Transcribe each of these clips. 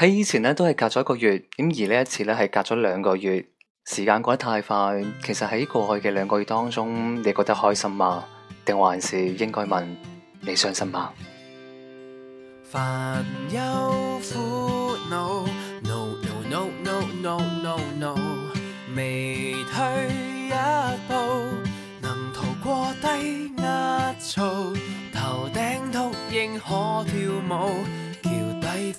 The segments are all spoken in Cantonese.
喺以前咧都係隔咗一個月，咁而呢一次咧係隔咗兩個月，時間過得太快。其實喺過去嘅兩個月當中，你覺得開心嗎？定還是應該問你傷心嗎？煩憂苦惱，煩惱，煩惱，煩惱，煩惱，煩惱，未退一步，能逃過低壓槽，頭頂禿鷹可跳舞。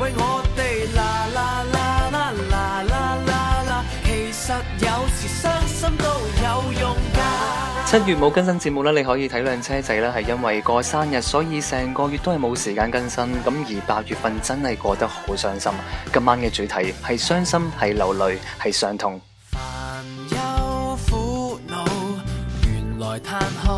喂，我哋啦啦啦啦啦啦啦，其實有時傷心都有用㗎。七月冇更新節目呢，你可以睇輛車仔啦，係因為過生日，所以成個月都係冇時間更新。咁而八月份真係過得好傷心。今晚嘅主題係傷心、係流淚、係傷痛、煩憂、苦惱，原來嘆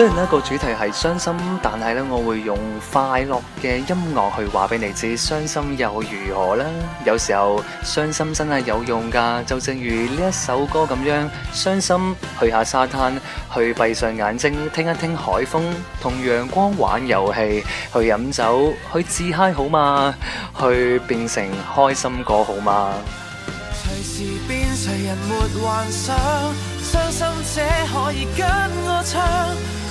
雖然一個主題係傷心，但係咧我會用快樂嘅音樂去話俾你知，傷心又如何呢？有時候傷心真係有用噶，就正如呢一首歌咁樣，傷心去下沙灘，去閉上眼睛聽一聽海風，同陽光玩遊戲，去飲酒，去自嗨好嗎？去變成開心果好嗎？隨時變誰人冇幻想，傷心者可以跟我唱。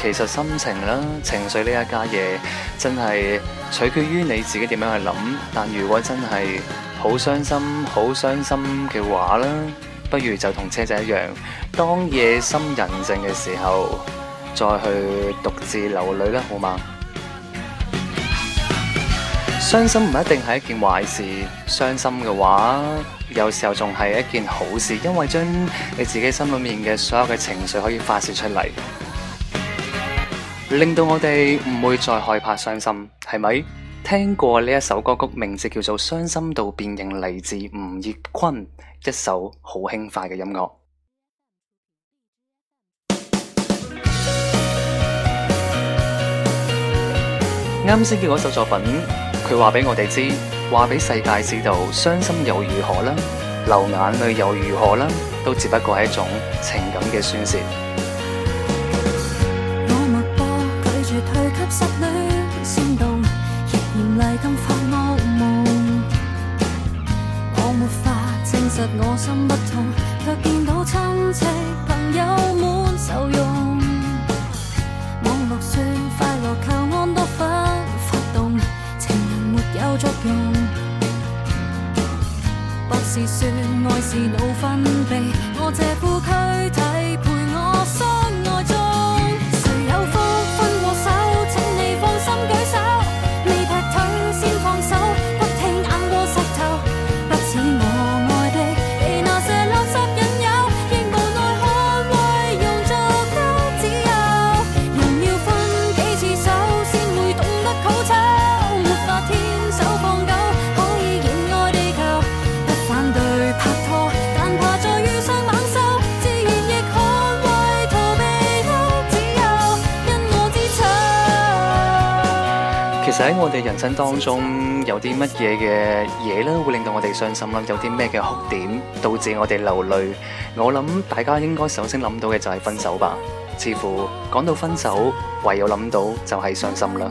其實心情啦、情緒呢一家嘢，真係取決於你自己點樣去諗。但如果真係好傷心、好傷心嘅話啦，不如就同車仔一樣，當夜深人靜嘅時候，再去獨自流淚啦，好嗎？傷心唔一定係一件壞事，傷心嘅話，有時候仲係一件好事，因為將你自己心裏面嘅所有嘅情緒可以發洩出嚟。令到我哋唔會再害怕傷心，係咪？聽過呢一首歌曲，名字叫做《傷心到變形》，嚟自吳業坤，一首好輕快嘅音樂。啱先嘅嗰首作品，佢話俾我哋知，話俾世界知道，傷心又如何啦？流眼淚又如何啦？都只不過係一種情感嘅宣洩。人生當中有啲乜嘢嘅嘢咧，會令到我哋傷心啦，有啲咩嘅哭點導致我哋流淚？我諗大家應該首先諗到嘅就係分手吧。似乎講到分手，唯有諗到就係傷心啦。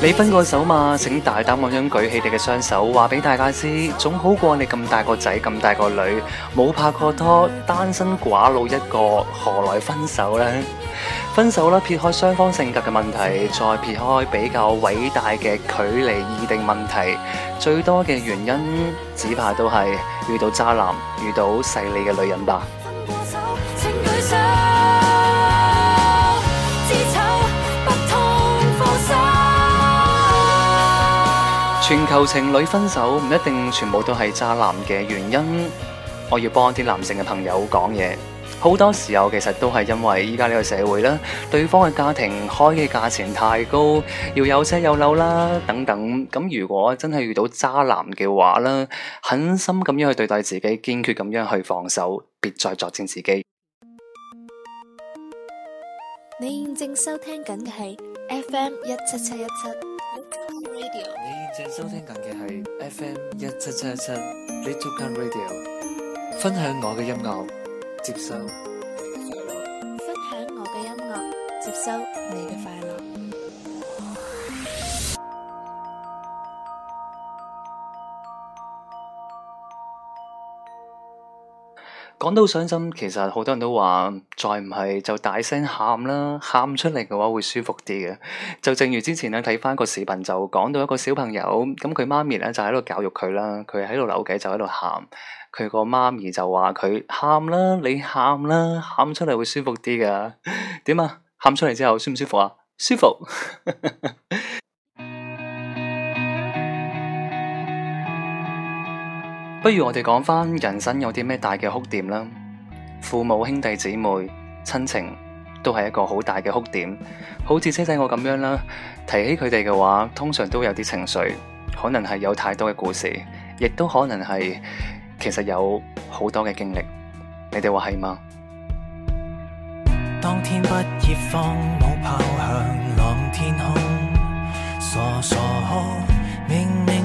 你分過手嘛？請大膽咁樣舉起你嘅雙手，話俾大家知，總好過你咁大個仔，咁大個女，冇拍過拖，單身寡佬一個，何來分手呢？分手啦！撇開雙方性格嘅問題，再撇開比較偉大嘅距離異定問題，最多嘅原因，只怕都係遇到渣男，遇到勢利嘅女人吧。全球情侶分手唔一定全部都係渣男嘅原因，我要幫啲男性嘅朋友講嘢。好多時候其實都係因為依家呢個社會啦，對方嘅家庭開嘅價錢太高，要有車有樓啦等等。咁如果真係遇到渣男嘅話啦，狠心咁樣去對待自己，堅決咁樣去防守，別再作踐自己。你正收聽緊嘅係 FM 一七七一七。你正收聽緊嘅係 FM 一七七一七 Little Gun Radio，分享我嘅音樂，接收分享我嘅音樂，接收你嘅快樂。講到傷心，其實好多人都話，再唔係就大聲喊啦，喊出嚟嘅話會舒服啲嘅。就正如之前咧睇翻個視頻，就講到一個小朋友，咁佢媽咪咧就喺度教育佢啦，佢喺度扭計就喺度喊，佢個媽咪就話佢喊啦，你喊啦，喊出嚟會舒服啲㗎。點啊？喊出嚟之後舒唔舒服啊？舒服。 不如我哋講翻人生有啲咩大嘅哭點啦？父母、兄弟、姊妹、親情都係一個好大嘅哭點。好似車仔我咁樣啦，提起佢哋嘅話，通常都有啲情緒，可能係有太多嘅故事，亦都可能係其實有好多嘅經歷。你哋話係嗎？當天不業風冇炮朗天空，傻傻好明，明。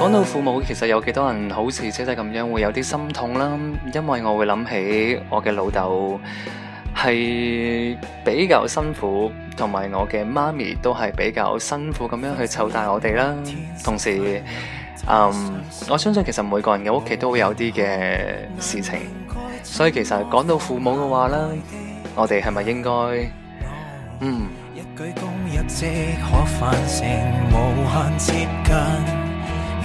講到父母，其實有幾多人好似仔仔咁樣會有啲心痛啦，因為我會諗起我嘅老豆係比較辛苦，同埋我嘅媽咪都係比較辛苦咁樣去湊大我哋啦。同時，嗯，我相信其實每個人嘅屋企都會有啲嘅事情，所以其實講到父母嘅話啦，我哋係咪應該，嗯？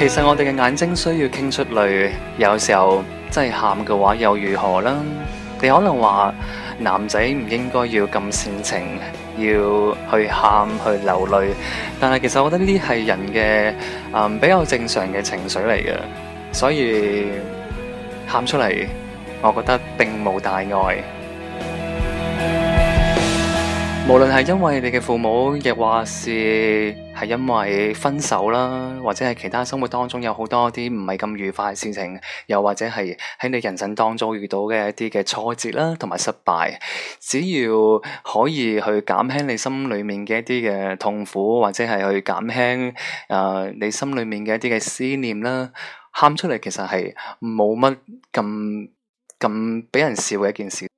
其實我哋嘅眼睛需要傾出淚，有時候真係喊嘅話又如何啦？你可能話男仔唔應該要咁煽情，要去喊去流淚，但係其實我覺得呢啲係人嘅、嗯、比較正常嘅情緒嚟嘅，所以喊出嚟，我覺得並冇大礙。無論係因為你嘅父母，亦或是，係因為分手啦，或者係其他生活當中有好多啲唔係咁愉快嘅事情，又或者係喺你人生當中遇到嘅一啲嘅挫折啦，同埋失敗，只要可以去減輕你心裏面嘅一啲嘅痛苦，或者係去減輕誒你心裏面嘅一啲嘅思念啦，喊出嚟其實係冇乜咁咁俾人笑嘅一件事。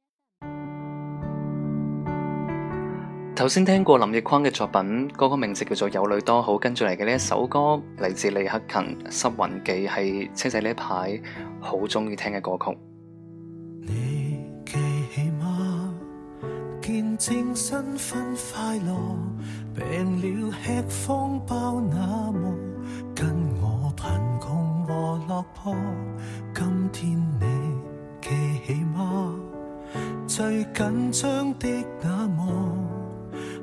頭先聽過林奕匡嘅作品，歌曲名字叫做《有女多好》，跟住嚟嘅呢一首歌嚟自李克勤《失魂記》，係車仔呢一排好中意聽嘅歌曲。你記起嗎？見證新婚快樂，病了吃方包那幕，跟我貧窮和落魄，今天你記起嗎？最緊張的那幕。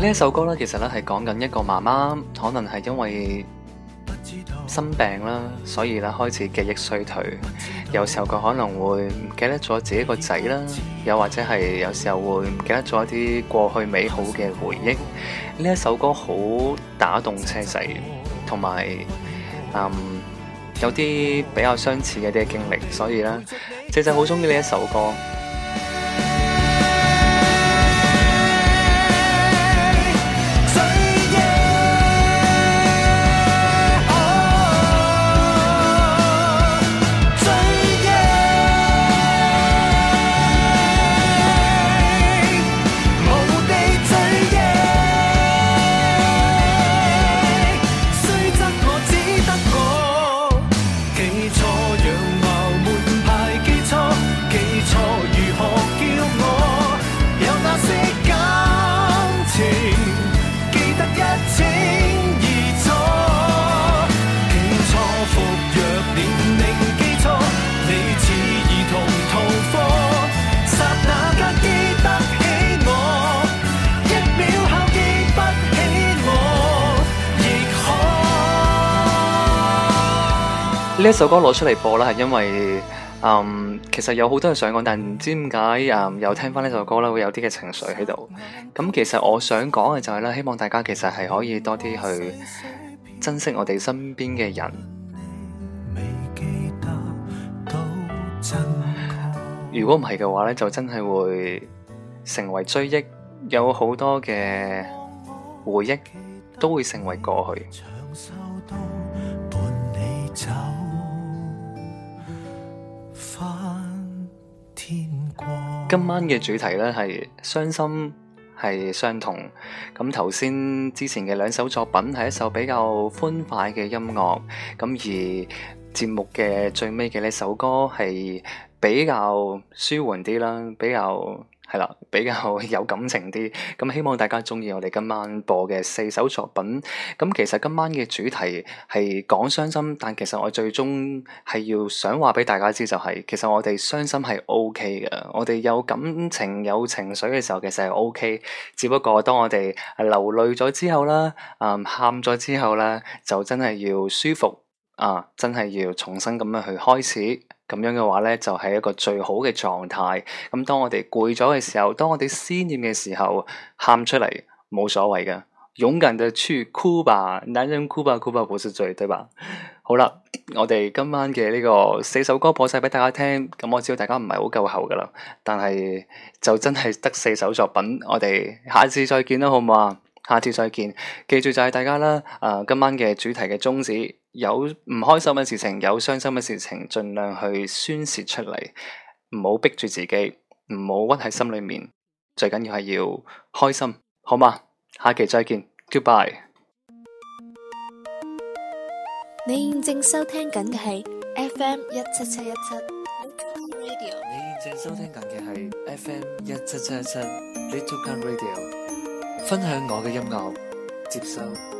呢一首歌咧，其實咧係講緊一個媽媽，可能係因為生病啦，所以咧開始記憶衰退。有時候佢可能會唔記得咗自己個仔啦，又或者係有時候會唔記得咗一啲過去美好嘅回憶。呢一首歌好打動車仔，同埋，嗯，有啲比較相似嘅啲經歷，所以咧，其實好中意呢一首歌。呢一首歌攞出嚟播啦，係因為，嗯，其實有好多人想講，但係唔知點解，嗯，有聽翻呢首歌啦，會有啲嘅情緒喺度。咁其實我想講嘅就係啦，希望大家其實係可以多啲去珍惜我哋身邊嘅人。如果唔係嘅話咧，就真係會成為追憶，有好多嘅回憶都會成為過去。今晚嘅主題咧，係傷心係相同。咁頭先之前嘅兩首作品係一首比較歡快嘅音樂，咁而節目嘅最尾嘅呢首歌係比較舒緩啲啦，比較。係啦，比較有感情啲，咁希望大家鍾意我哋今晚播嘅四首作品。咁其實今晚嘅主題係講傷心，但其實我最終係要想話俾大家知，就是，就係其實我哋傷心係 O K 嘅，我哋有感情有情緒嘅時候，其實係 O K。只不過當我哋流淚咗之後啦，呃、喊咗之後啦，就真係要舒服。啊！真係要重新咁樣去開始，咁樣嘅話咧就係、是、一個最好嘅狀態。咁當我哋攰咗嘅時候，當我哋思念嘅時候，喊出嚟冇所謂㗎。勇敢地去哭吧，男人哭吧，哭吧不是罪，對吧？好啦，我哋今晚嘅呢個四首歌播晒畀大家聽，咁我知道大家唔係好夠喉噶啦，但係就真係得四首作品，我哋下次再見啦，好唔好啊？下次再見，記住就係大家啦、啊。今晚嘅主題嘅宗旨。有唔開心嘅事情，有傷心嘅事情，盡量去宣洩出嚟，唔好逼住自己，唔好屈喺心裏面。最緊要係要開心，好嘛？下期再見，Goodbye。你現正收聽緊嘅係 FM 一七七一七 Radio。你現正收聽緊嘅係 FM 一七七一七 Radio。分享我嘅音樂，接受。